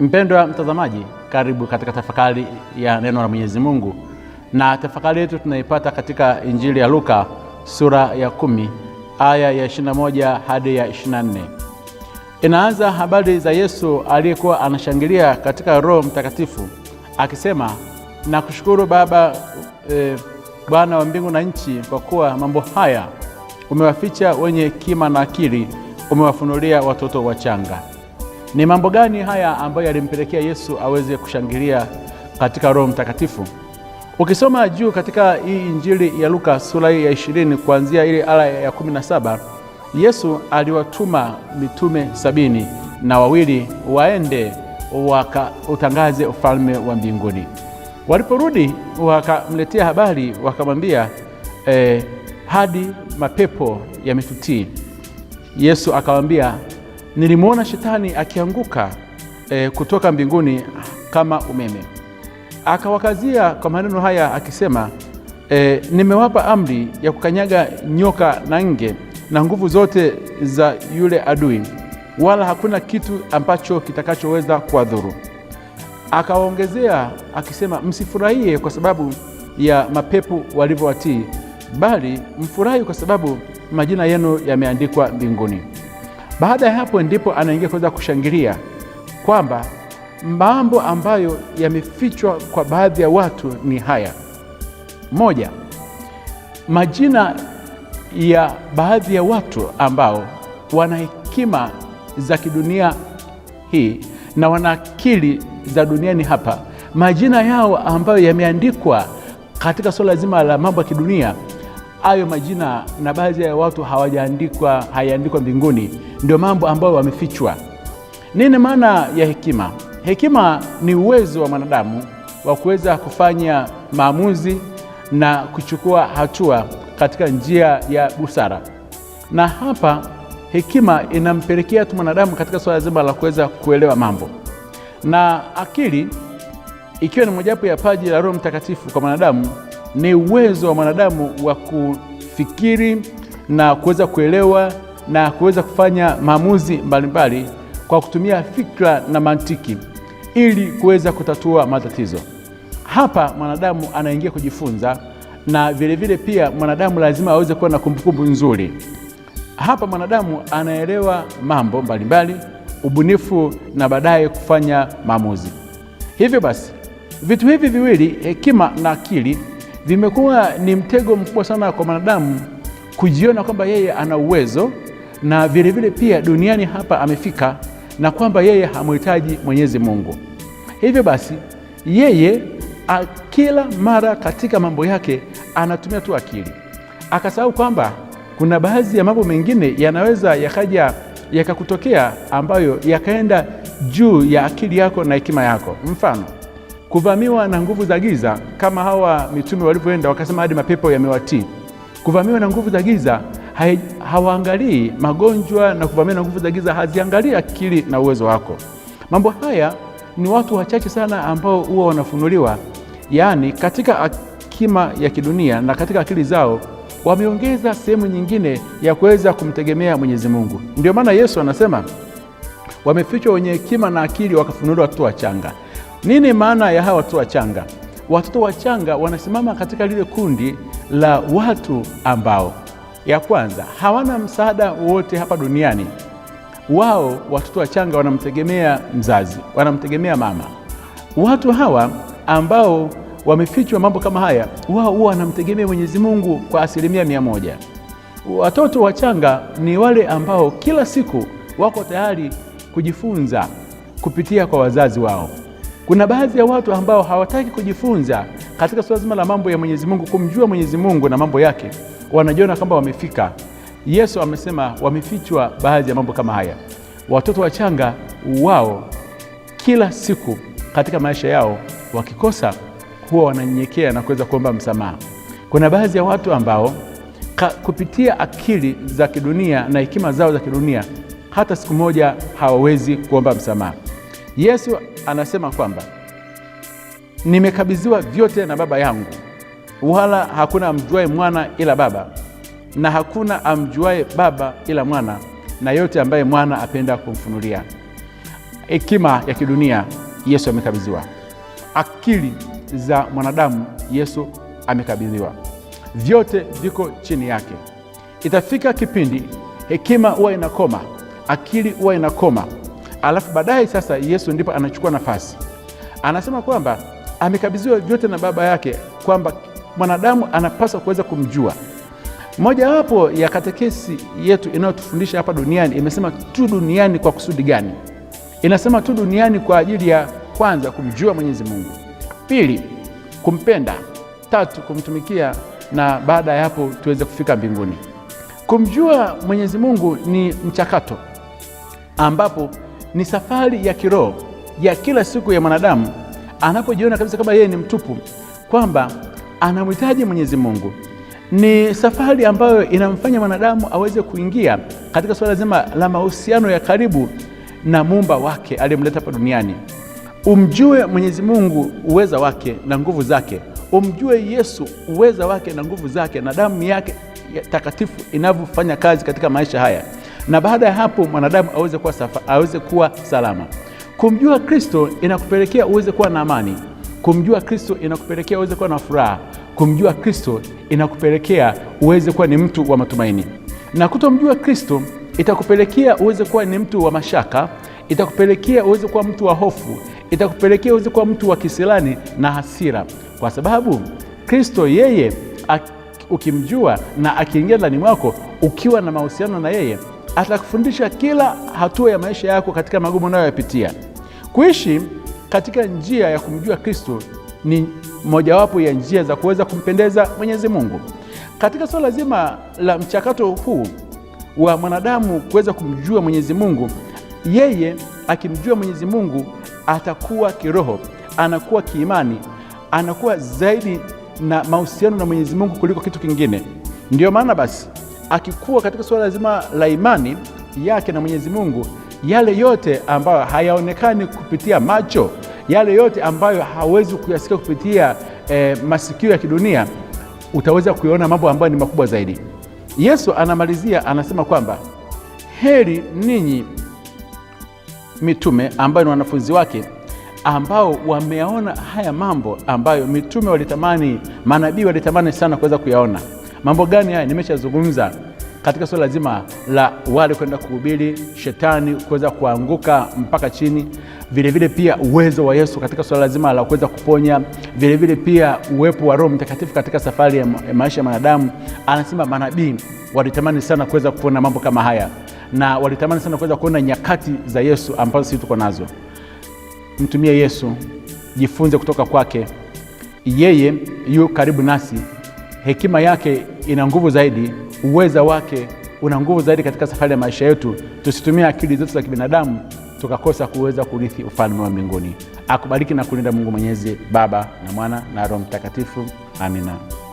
Mpendwa mtazamaji, karibu katika tafakari ya neno la Mwenyezi Mungu, na tafakari yetu tunaipata katika Injili ya Luka sura ya kumi aya ya 21 hadi ya 24. Inaanza habari za Yesu aliyekuwa anashangilia katika Roho Mtakatifu akisema, nakushukuru Baba e, Bwana wa mbingu na nchi, kwa kuwa mambo haya umewaficha wenye kima na akili, umewafunulia watoto wachanga. Ni mambo gani haya ambayo yalimpelekea Yesu aweze kushangilia katika Roho Mtakatifu? Ukisoma juu katika hii Injili ya Luka sura ya ishirini kuanzia ile aya ya kumi na saba Yesu aliwatuma mitume sabini na wawili waende wakautangaze ufalme wa mbinguni. Waliporudi wakamletea habari, wakamwambia eh, hadi mapepo yametutii. Yesu akamwambia nilimwona shetani akianguka e, kutoka mbinguni kama umeme. Akawakazia kwa maneno haya akisema, e, nimewapa amri ya kukanyaga nyoka na nge na nguvu zote za yule adui, wala hakuna kitu ambacho kitakachoweza kuwadhuru. Akawaongezea akisema, msifurahie kwa sababu ya mapepo walivyowatii, bali mfurahi kwa sababu majina yenu yameandikwa mbinguni. Baada ya hapo ndipo anaingia kuweza kushangilia kwamba mambo ambayo yamefichwa kwa baadhi ya watu ni haya: moja, majina ya baadhi ya watu ambao wana hekima za kidunia hii na wana akili za duniani hapa, majina yao ambayo yameandikwa katika suala zima la mambo ya kidunia hayo majina na baadhi ya watu hawajaandikwa, hayaandikwa mbinguni, ndio mambo ambayo wamefichwa. Nini maana ya hekima? Hekima ni uwezo wa mwanadamu wa kuweza kufanya maamuzi na kuchukua hatua katika njia ya busara, na hapa hekima inampelekea tu mwanadamu katika suala zima la kuweza kuelewa mambo. Na akili ikiwa ni mojawapo ya paji la Roho Mtakatifu kwa mwanadamu ni uwezo wa mwanadamu wa kufikiri na kuweza kuelewa na kuweza kufanya maamuzi mbalimbali kwa kutumia fikra na mantiki ili kuweza kutatua matatizo. Hapa mwanadamu anaingia kujifunza, na vilevile vile pia mwanadamu lazima aweze kuwa na kumbukumbu nzuri. Hapa mwanadamu anaelewa mambo mbalimbali, ubunifu na baadaye kufanya maamuzi. Hivyo basi vitu hivi viwili, hekima na akili vimekuwa ni mtego mkubwa sana kwa mwanadamu kujiona kwamba yeye ana uwezo na vilevile pia duniani hapa amefika na kwamba yeye hamhitaji Mwenyezi Mungu. Hivyo basi yeye a, kila mara katika mambo yake anatumia tu akili, akasahau kwamba kuna baadhi ya mambo mengine yanaweza yakaja yakakutokea ambayo yakaenda juu ya akili yako na hekima yako. Mfano, kuvamiwa na nguvu za giza kama hawa mitume walivyoenda wakasema hadi mapepo yamewatii. Kuvamiwa na nguvu za giza hawaangalii magonjwa, na kuvamiwa na nguvu za giza haziangalii akili na uwezo wako. Mambo haya ni watu wachache sana ambao huwa wanafunuliwa, yaani katika akima ya kidunia na katika akili zao wameongeza sehemu nyingine ya kuweza kumtegemea Mwenyezi Mungu. Ndio maana Yesu anasema wamefichwa wenye hekima na akili, wakafunuliwa watoto wachanga. Nini maana ya hawa watoto wachanga? Watoto wachanga wanasimama katika lile kundi la watu ambao, ya kwanza, hawana msaada wowote hapa duniani. Wao watoto wachanga wanamtegemea mzazi, wanamtegemea mama. Watu hawa ambao wamefichwa mambo kama haya, wao huwa wanamtegemea Mwenyezi Mungu kwa asilimia mia moja. Watoto wachanga ni wale ambao kila siku wako tayari kujifunza kupitia kwa wazazi wao. Kuna baadhi ya watu ambao hawataki kujifunza katika suala zima la mambo ya Mwenyezi Mungu, kumjua Mwenyezi Mungu na mambo yake, wanajiona kwamba wamefika. Yesu amesema wamefichwa baadhi ya mambo kama haya. Watoto wachanga wao kila siku katika maisha yao wakikosa huwa wananyenyekea na kuweza kuomba msamaha. Kuna baadhi ya watu ambao ka, kupitia akili za kidunia na hekima zao za kidunia hata siku moja hawawezi kuomba msamaha. Yesu anasema kwamba nimekabidhiwa vyote na Baba yangu, wala hakuna amjuaye mwana ila Baba, na hakuna amjuaye Baba ila mwana na yote ambaye mwana apenda kumfunulia. Hekima ya kidunia Yesu amekabidhiwa, akili za mwanadamu Yesu amekabidhiwa, vyote viko chini yake. Itafika kipindi hekima huwa inakoma, akili huwa inakoma alafu baadaye sasa Yesu ndipo anachukua nafasi, anasema kwamba amekabidhiwa vyote na Baba yake, kwamba mwanadamu anapaswa kuweza kumjua. Mojawapo ya katekesi yetu inayotufundisha hapa duniani imesema tu duniani kwa kusudi gani? Inasema tu duniani kwa ajili ya kwanza kumjua Mwenyezi Mungu, pili kumpenda, tatu kumtumikia, na baada ya hapo tuweze kufika mbinguni. Kumjua Mwenyezi Mungu ni mchakato ambapo ni safari ya kiroho ya kila siku ya mwanadamu anapojiona kabisa kama yeye ni mtupu, kwamba anamhitaji Mwenyezi Mungu. Ni safari ambayo inamfanya mwanadamu aweze kuingia katika suala zima la mahusiano ya karibu na muumba wake aliyemleta hapa duniani. Umjue Mwenyezi Mungu uweza wake na nguvu zake, umjue Yesu uweza wake na nguvu zake, na damu yake ya takatifu inavyofanya kazi katika maisha haya na baada ya hapo mwanadamu aweze kuwa, safa, aweze kuwa salama. Kumjua Kristo inakupelekea uweze kuwa na amani. Kumjua Kristo inakupelekea uweze kuwa na furaha. Kumjua Kristo inakupelekea uweze kuwa ni mtu wa matumaini, na kutomjua Kristo itakupelekea uweze kuwa ni mtu wa mashaka, itakupelekea uweze kuwa mtu wa hofu, itakupelekea uweze kuwa mtu wa kisilani na hasira, kwa sababu Kristo yeye ukimjua na akiingia ndani mwako, ukiwa na mahusiano na yeye atakufundisha kila hatua ya maisha yako katika magumu unayoyapitia. Kuishi katika njia ya kumjua Kristo ni mojawapo ya njia za kuweza kumpendeza Mwenyezi Mungu. Katika swala zima la mchakato huu wa mwanadamu kuweza kumjua Mwenyezi Mungu, yeye akimjua Mwenyezi Mungu atakuwa kiroho, anakuwa kiimani, anakuwa zaidi na mahusiano na Mwenyezi Mungu kuliko kitu kingine. Ndiyo maana basi akikuwa katika suala zima la imani yake na Mwenyezi Mungu, yale yote ambayo hayaonekani kupitia macho, yale yote ambayo hawezi kuyasikia kupitia eh, masikio ya kidunia, utaweza kuyaona mambo ambayo ni makubwa zaidi. Yesu anamalizia anasema kwamba heri ninyi mitume, ambayo ni wanafunzi wake, ambao wameyaona haya mambo ambayo mitume walitamani, manabii walitamani sana kuweza kuyaona. Mambo gani haya? Nimeshazungumza katika suala zima la wale kwenda kuhubiri, shetani kuweza kuanguka mpaka chini, vilevile pia uwezo wa Yesu katika suala zima la kuweza kuponya, vilevile pia uwepo wa Roho Mtakatifu katika safari ya maisha ya mwanadamu. Anasema manabii walitamani sana kuweza kuona mambo kama haya, na walitamani sana kuweza kuona nyakati za Yesu ambazo sisi tuko nazo. Mtumie Yesu, jifunze kutoka kwake, yeye yu karibu nasi hekima yake ina nguvu zaidi, uweza wake una nguvu zaidi katika safari ya maisha yetu. Tusitumie akili zetu za kibinadamu tukakosa kuweza kurithi ufalme wa mbinguni. Akubariki na kulinda Mungu Mwenyezi, Baba na Mwana na Roho Mtakatifu. Amina.